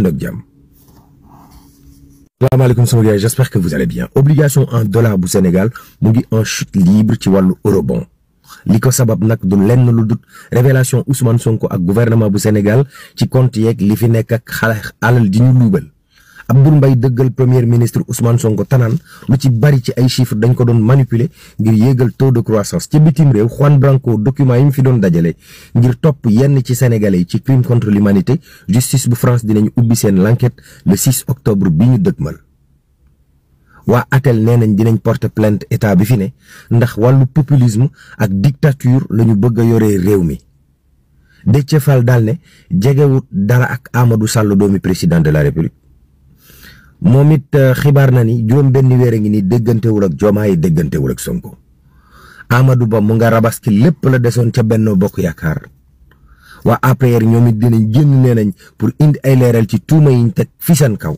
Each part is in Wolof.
de gamme j'espère que vous allez bien obligation en dollar au Sénégal nous en chute libre qui voit le li ko sabab nak du len lu dut révélation Ousmane Sonko ak gouvernement bu Sénégal ci compte yeeg li fi nek ak ñu Abdoul Mbaye deugal premier ministre Ousmane Sonko tanan lu ci bari ci ay chiffres dañ ko don manipuler ngir yegal taux de croissance ci bitim rew Juan Branco document yi mu fi don dajale ngir top yenn ci sénégalais ci crime contre l'humanité justice bu France dinañ ubbi sen l'enquête le 6 octobre bi ñu dëgmal atel nenañ dinañ porter plainte état bi fi ne ndax walu populisme ak dictature lañu bëgg yoré rew mi mi Déthié Fall daal ne jegewut dara ak Amadou Sall domi président de la République momit uh, xibar na ni juróom benn weer a ngi ni wul ak Diomaye wul ak Sonko Amadou Ba mu nga rabaski lepp la desoon ca Benno Bokk yakar wa APR ñoom it dinañ génn pour indi ay leeral ci tuuma yiñ tek fi kaw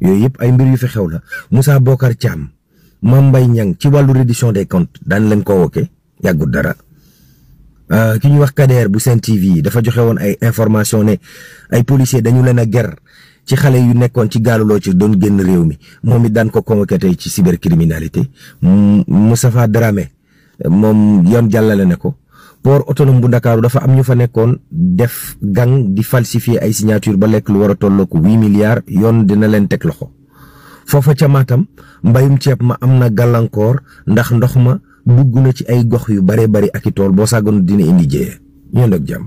yoy yep ay mbir yu fi xew la Moussa Bokar cham mambay ñang ci walu reddition des comptes daan leen ko woké yagu dara euh, ki ñu wax Kader bu Sen TV dafa joxewon ay information ne ay policier dañu leena guerre ci xale yu nekkoon ci gaaluloo ci doon génn réew mi moom it daan ko convoqué tey ci cybercriminalité mm, Moustapha Dramé moom yoon jàllale ne ko port autonome bu Ndakaaru dafa am ñu fa nekkoon def gang di falsifier ay signature ba lekk lu war a tolloo ko huit milliards yoon dina leen teg loxo foofa ca maatam mbayum ceeb ma am na gàllankoor ndax ndox ma dugg na ci ay gox yu bare bari ak i tool boo sàggoon dina indi jéeye ñoo ndox jàmm